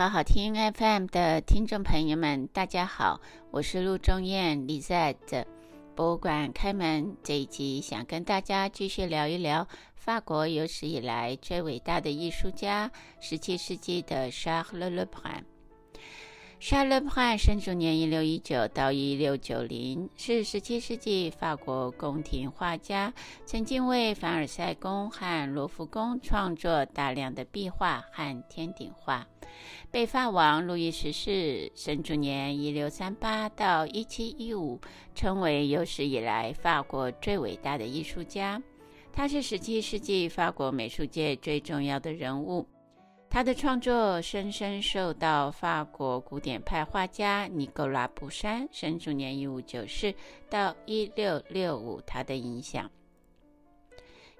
好好聽 FM 的聽眾朋友們，大家好，我是陸中燕，Lizette 博物館開門這一集，想跟大家繼續聊一聊法國有史以來最偉大的藝術家 ——17 世紀的 Charles Le Brun。夏爾·勒布倫生卒年一六一九到一六九零，是十七世紀法國宮廷畫家，曾經為凡爾賽宮和羅浮宮創作大量的壁畫和天頂畫。被法王路易十四生卒年一六三八到一七一五稱為有史以來法國最偉大的藝術家。他是十七世紀法國美術界最重要的人物。他的創作深深受到法國古典派畫家尼古拉·布山，生卒年一五九四到一六六五）他的影響。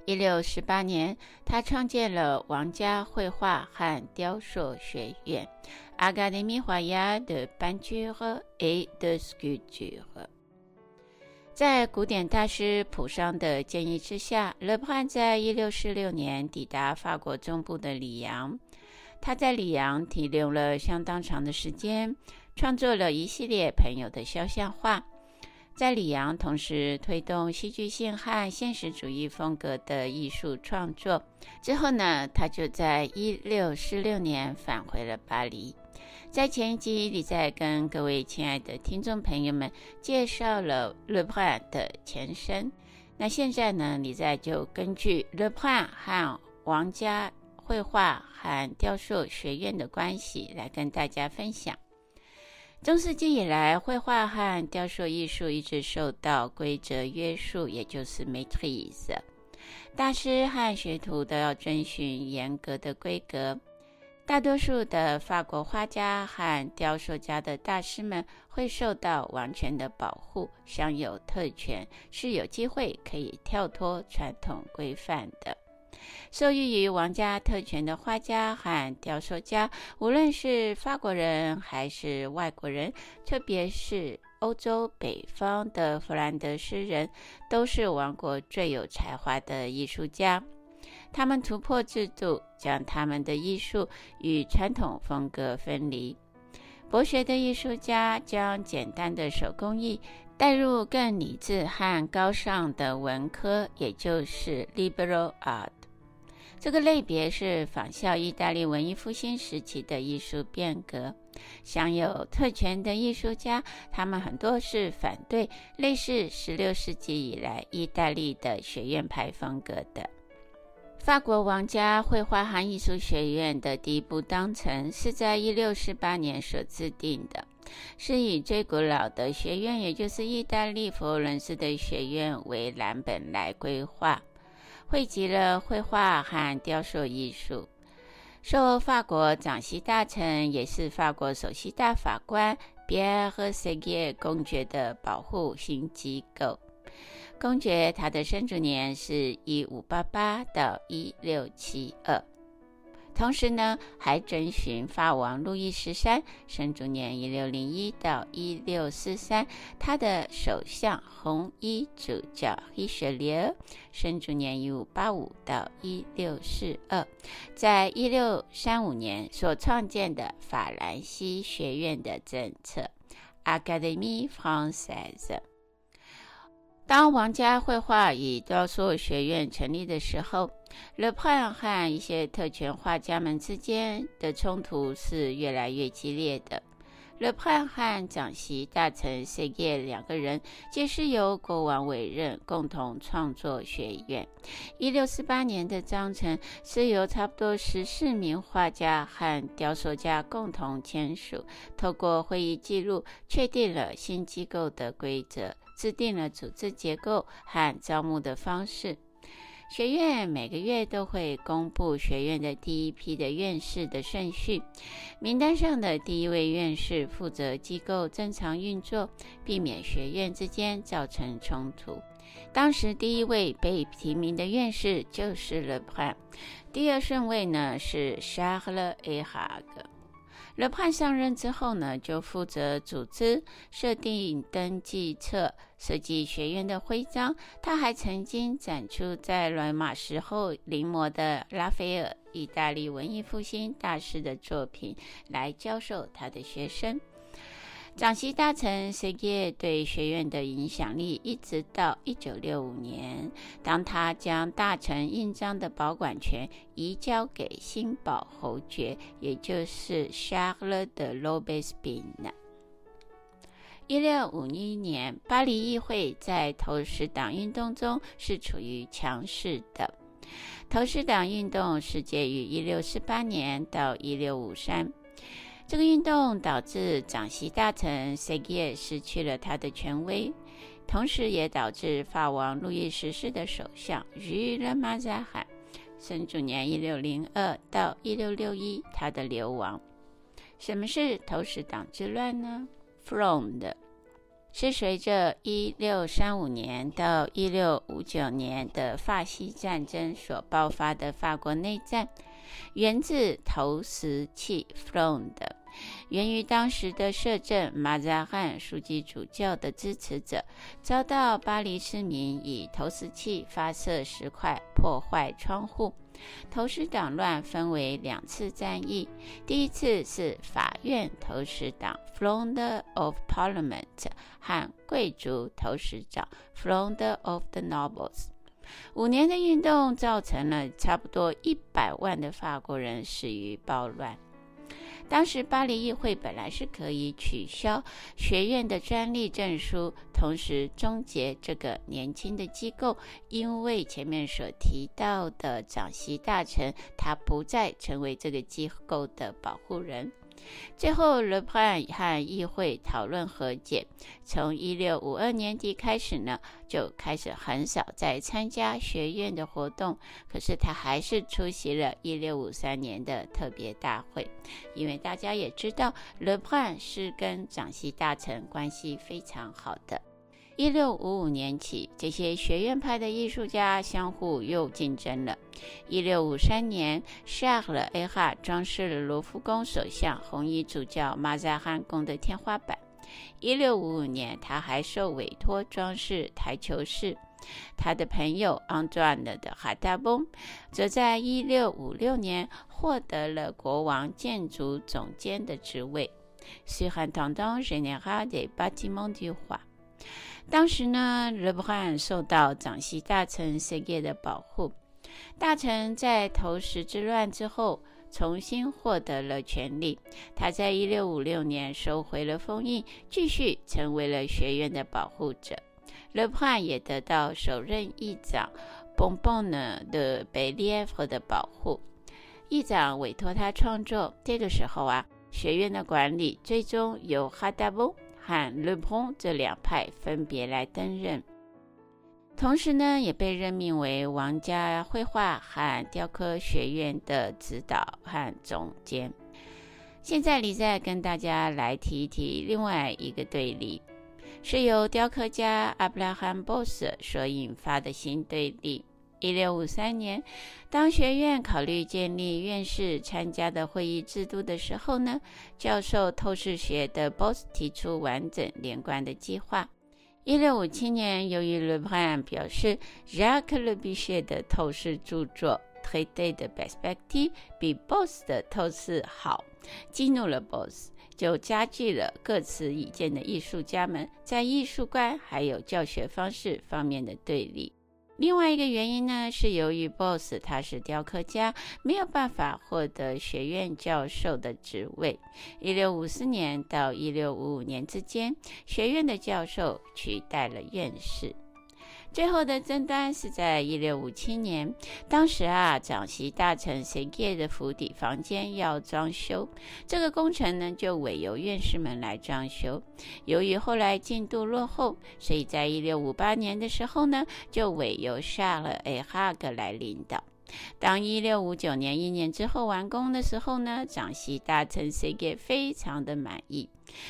一六四八年，他創建了皇家繪畫和雕塑學院阿 c 尼 d e m 的班 r 和 a 的 i r t s 在古典大師普桑的建議之下，勒布漢在一六四六年抵達法國中部的裡昂。他在里昂停留了相當長的時間，創作了一系列朋友的肖像畫。在里昂，同時推動戲劇性和現實主義風格的藝術創作。之後呢，他就在一六四六年返回了巴黎。在前一集裡，李在跟各位親愛的聽眾朋友們介紹了勒布朗的前身。那現在呢，李在就根據勒布朗和王家。繪畫和雕塑學院的關係來跟大家分享。中世紀以來，繪畫和雕塑藝術一直受到規則約束，也就是 Maîtrise。大師和學徒都要遵循嚴格的規格。大多數的法國畫家和雕塑家的大師們會受到王權的保護，享有特權，是有機會可以跳脫傳統規範的。受益於王家特權的畫家和雕塑家，無論是法國人還是外國人，特別是歐洲北方的弗蘭德斯人，都是王國最有才華的藝術家。他們突破制度，將他們的藝術與傳統風格分離。博學的藝術家將簡單的手工藝帶入更理智和高尚的文科，也就是 liberal art。這個類別是仿效意大利文藝復興時期的藝術變革，享有特權的藝術家，他們很多是反對類似16世紀以來意大利的學院派風格的。法國王家繪畫和藝術學院的第一部章程是在1648年所制定的，是以最古老的學院，也就是意大利佛羅倫斯的學院為藍本來規劃。匯集了繪畫和雕塑藝術，受法國掌璽大臣，也是法國首席大法官，Pierre Séguier 公爵的保護新機構。公爵他的生卒年是一五八八到一六七二。同時呢，還遵循法王路易十三生卒年，一六零一到一六四三，他的首相紅衣主教 Richelieu 生卒年，一五八五到一六四二，在一六三五年所創建的法蘭西學院的政策 Académie française。當王家繪畫與雕塑學院成立的時候，Le Brun 和一些特權畫家們之間的衝突是越來越激烈的。Le Brun 和掌璽大臣 Séguier 兩個人皆是由國王委任，共同創作學院。1648年的章程是由差不多十四名畫家和雕塑家共同簽署，透過會議記錄確定了新機構的規則，制定了組織結構和招募的方式。學院每個月都會公布學院的第一批的院士的順序，名單上的第一位院士負責機構正常運作，避免學院之間造成衝突。當時第一位被提名的院士就是 Le Brun，第二順位呢是 Charles Errard。Le Brun 上任之後呢，就負責組織、設定登記冊、設計學院的徽章。他還曾經展出在羅馬時候臨摹的拉斐爾（意大利文藝復興大師）的作品來教授他的學生。掌璽大臣 Séguier 對學院的影響力，一直到1965年，當他將大臣印章的保管權移交給新堡侯爵，也就是 Charles de l'Aubespine。1651年，巴黎議會在投石黨運動中是處於強勢的。投石黨運動是介於1648年到1653。這個運動導致掌璽大臣 Séguier 失去了他的權威，同時也導致法王路易十四的首相於勒馬扎漢，生卒年1602到1661，他的流亡。什麼是投石黨之亂呢？Fronde 是隨着1635年到1659年的法西戰爭所爆發的法國內戰，源自投石器 Fronde。Fronde。源於當時的攝政馬扎然樞機主教的支持者，遭到巴黎市民以投石器發射石塊破壞窗戶。投石黨亂分為兩次戰役，第一次是法院投石黨 （Fronde of Parliament） 和貴族投石黨 （Fronde of the Nobles）。五年的運動造成了差不多一百萬的法國人死於暴亂。當時，巴黎議會本來是可以取消學院的專利證書，同時終結這個年輕的機構，因為前面所提到的掌璽大臣，他不再成為這個機構的保護人。最後，Le Brun 和議會討論和解。從一六五二年底開始呢，就開始很少再參加學院的活動。可是他還是出席了一六五三年的特別大會，因為大家也知道，Le Brun 是跟掌璽大臣關係非常好的。一六五五年起，這些學院派的藝術家相互又競爭了。一六五三年，沙爾·埃哈裝飾了盧浮宮首相紅衣主教馬扎漢宮的天花板。一六五五年，他還受委託裝飾台球室。他的朋友安德烈·德哈達翁則在一六五六年獲得了國王建築總監的職位 surintendant général des bâtiments du roi。當時呢，勒布倫受到掌璽大臣森耶的保護，大臣在投石之亂之後重新獲得了權力。他在一六五六年收回了封印，繼續成為了學院的保護者。勒布倫也得到首任議長蓬蓬呢的貝列夫的保護，議長委托他創作。這個時候啊，學院的管理最終由哈達翁和論蓬這兩派分別來擔任，同時呢，也被任命為王家繪畫和雕刻學院的指導和總監。現在，你再跟大家來提一提另外一個對立，是由雕刻家阿布拉罕·博斯所引發的新對立。一六五三年，當學院考慮建立院士參加的會議制度的時候呢，教授透視學的 Boss 提出完整連貫的計劃。一六五七年，由於 Le Brun 表示 Jacques Le Bichet 的透視著作《Traité de perspective》比 Boss 的透視好，激怒了 Boss，就加劇了各持己見的藝術家們在藝術觀還有教學方式方面的對立。另外一個原因呢，是由於 Boss 他是雕刻家，沒有辦法獲得學院教授的職位。一六五四年到一六五五年之間，學院的教授取代了院士。最後的爭端是在一六五七年，當時啊，掌璽大臣 Séguier 的府邸房間要裝修，這個工程呢就委由院士們來裝修。由於後來進度落後，所以在一六五八年的時候呢，就委由 Charles Errard 來領導。當一六五九年一年之後完工的時候呢，掌玺大臣 Séguier 非常的滿意，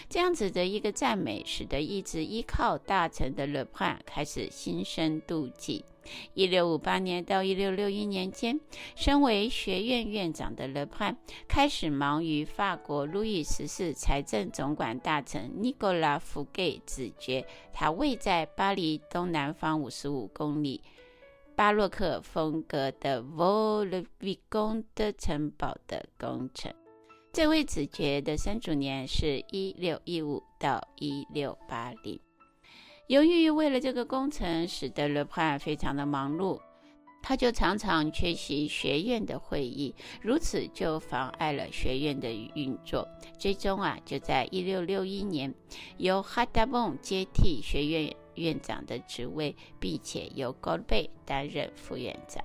這樣子的一個讚美，使得一直依靠大臣的 Le Brun 開始心生妒忌。一六五八年到一六六一年間，身為學院院長的 Le Brun 開始忙於法國路易十四財政總管大臣尼古拉·福蓋子爵，他位在巴黎東南方五十五公里。巴洛克風格的 Vaux-le-Vicomte 的城堡的工程，這位子爵的生卒年是一六一五到一六八零。由於為了這個工程，使得 Le Brun 非常的忙碌，他就常常缺席學院的會議，如此就妨礙了學院的運作。最終啊，就在一六六一年，由 Ratabon 接替學院。院長的職位，並且由高貝擔任副院長。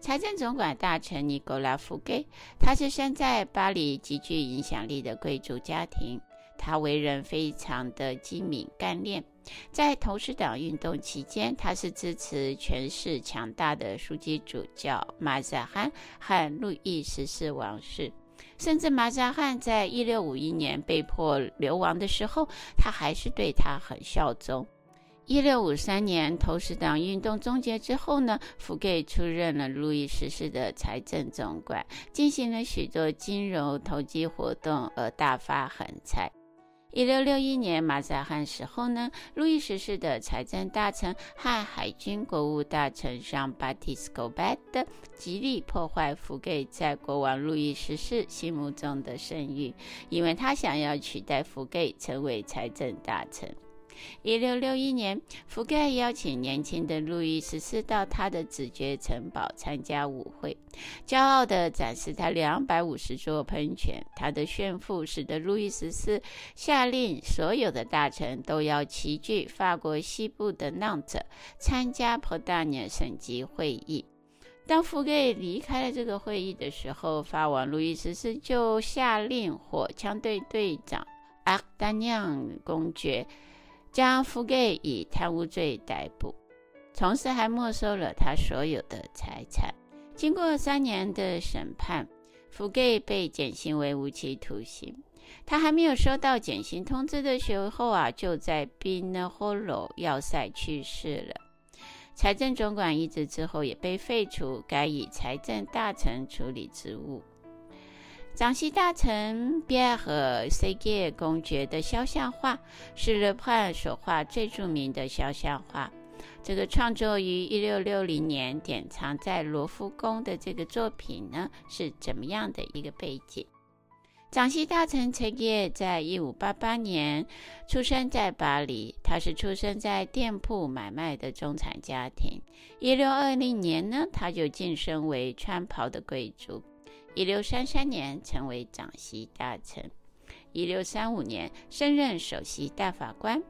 財政總管大臣尼古拉·福蓋，他是身在巴黎極具影響力的貴族家庭。他為人非常的機敏幹練。在投石黨運動期間，他是支持權勢強大的樞機主教馬扎漢和路易十四王室。甚至馬扎漢在一六五一年被迫流亡的時候，他還是對他很效忠。一六五三年，投石黨運動終結之後呢，福蓋出任了路易十四的財政總管，進行了許多金融投機活動而大發橫財。一六六一年，馬賽漢死後呢，路易十四的財政大臣和海軍國務大臣上巴蒂斯科貝德極力破壞福蓋在國王路易十四心目中的聲譽，因為他想要取代福蓋成為財政大臣。一六六一年，福蓋邀請年輕的路易十四到他的子爵城堡參加舞會，驕傲地展示他兩百五十座噴泉。他的炫富使得路易十四下令所有的大臣都要齊聚法國西部的南特，參加普丹涅省級會議。當福蓋離開了這個會議的時候，法王路易十四就下令火槍隊隊長阿丹尼昂公爵，將福蓋以貪污罪逮捕，同時還沒收了他所有的財產。經過三年的審判，福蓋被減刑為無期徒刑。他還沒有收到減刑通知的時候啊，就在賓那霍羅要塞去世了。財政總管一職之後也被廢除，改以財政大臣處理職務。掌璽大臣 Pierre Séguier 公爵的肖像畫是 Le Brun 所畫最著名的肖像畫。這個創作於1660年，典藏在羅浮宮的這個作品呢，是怎麼樣的一個背景？掌璽大臣 Séguier 在一五八八年出生在巴黎，他是出生在店鋪買賣的中產家庭。一六二零年呢，他就晉升為穿袍的貴族。一六三三年成為掌璽大臣，一六三五年升任首席大法官，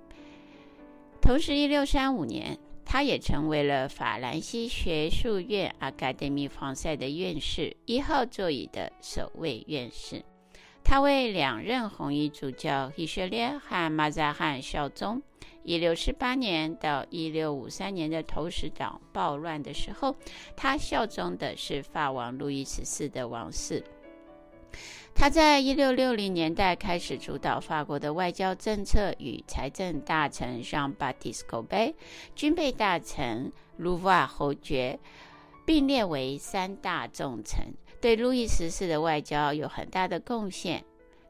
同時一六三五年，他也成為了法蘭西學術院 （Académie française） 的院士，一號座椅的首位院士。他為兩任紅衣主教伊歇列和馬扎漢效忠。一六四八年到一六五三年的投石黨暴亂的時候，他效忠的是法王路易十四的王室。他在一六六零年代開始主導法國的外交政策與財政大臣讓·巴蒂斯·科貝，軍備大臣盧瓦侯爵並列為三大重臣。對路易十四的外交有很大的貢獻。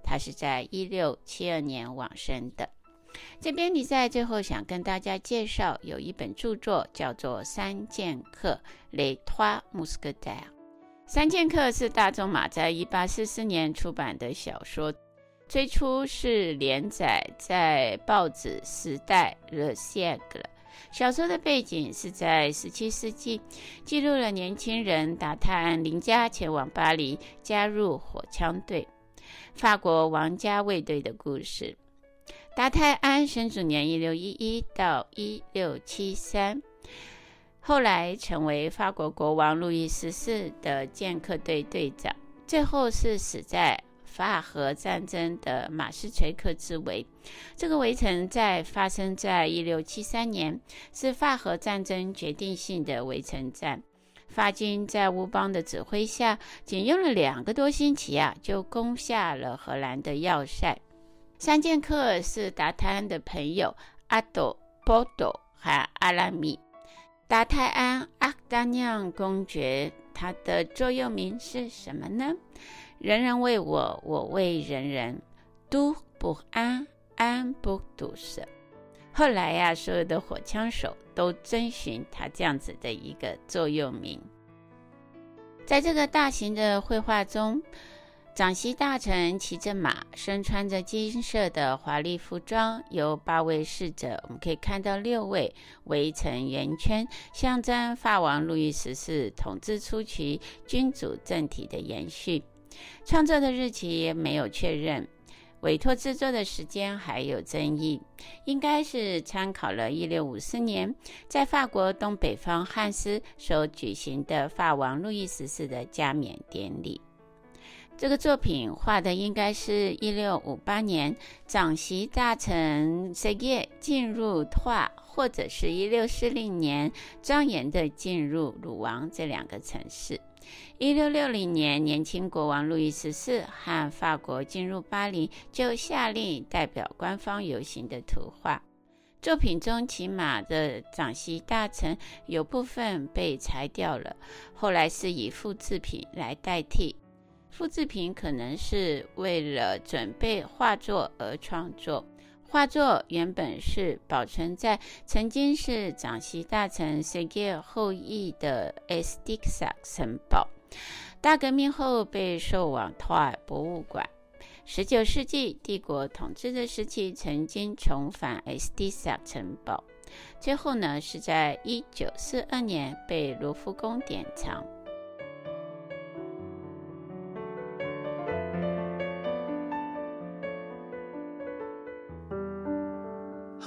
他是在一六七二年往生的。這邊你在最後想跟大家介紹，有一本著作叫做《三劍客雷托 t 斯克 i 爾。三劍客》是大仲馬在一八四四年出版的小說，最初是連載在報紙《時代》（Le t e 小說的背景是在十七世紀，記錄了年輕人達泰安離家前往巴黎加入火槍隊、法國王家衛隊的故事。達泰安生卒年一六一一到一六七三，後來成為法國國王路易十四的劍客隊隊長，最後是死在。法荷戰爭的馬斯垂克之圍，這個圍城在發生在一六七三年，是法荷戰爭決定性的圍城戰。法軍在烏邦的指揮下，僅用了兩個多星期啊，就攻下了荷蘭的要塞。三劍客是達泰安的朋友阿斗、波斗和阿拉米。達泰安阿 d r 公爵。他的座右銘是什麼呢？人人為我，我為人人。堵不安，安不堵舍。後來呀、啊，所有的火槍手都遵循他這樣子的一個座右銘。在這個大型的繪畫中。掌璽大臣騎着馬，身穿着金色的華麗服裝，由八位侍者，我們可以看到六位圍成圓圈，象徵法王路易十四統治初期君主政體的延續。創作的日期也沒有確認，委托制作的時間還有爭議。應該是參考了1654年在法國東北方漢斯所舉行的法王路易十四的加冕典禮。這個作品畫的應該是一六五八年長崎大臣 e 實 r 進入畫，或者是一六四零年莊嚴的進入魯王這兩個城市。一六六零年，年輕國王路易十四和法國進入巴黎，就下令代表官方遊行的圖畫。作品中騎馬的長崎大臣有部分被裁掉了，後來是以複製品來代替。複製品可能是為了準備畫作而創作。畫作原本是保存在曾經是掌璽大臣 Séguier 後裔的 Estisa 城堡。大革命後被送往托爾博物館。19世紀帝國統治的時期，曾經重返 Estisa 城堡。最後呢，是在1942年被盧浮宮典藏。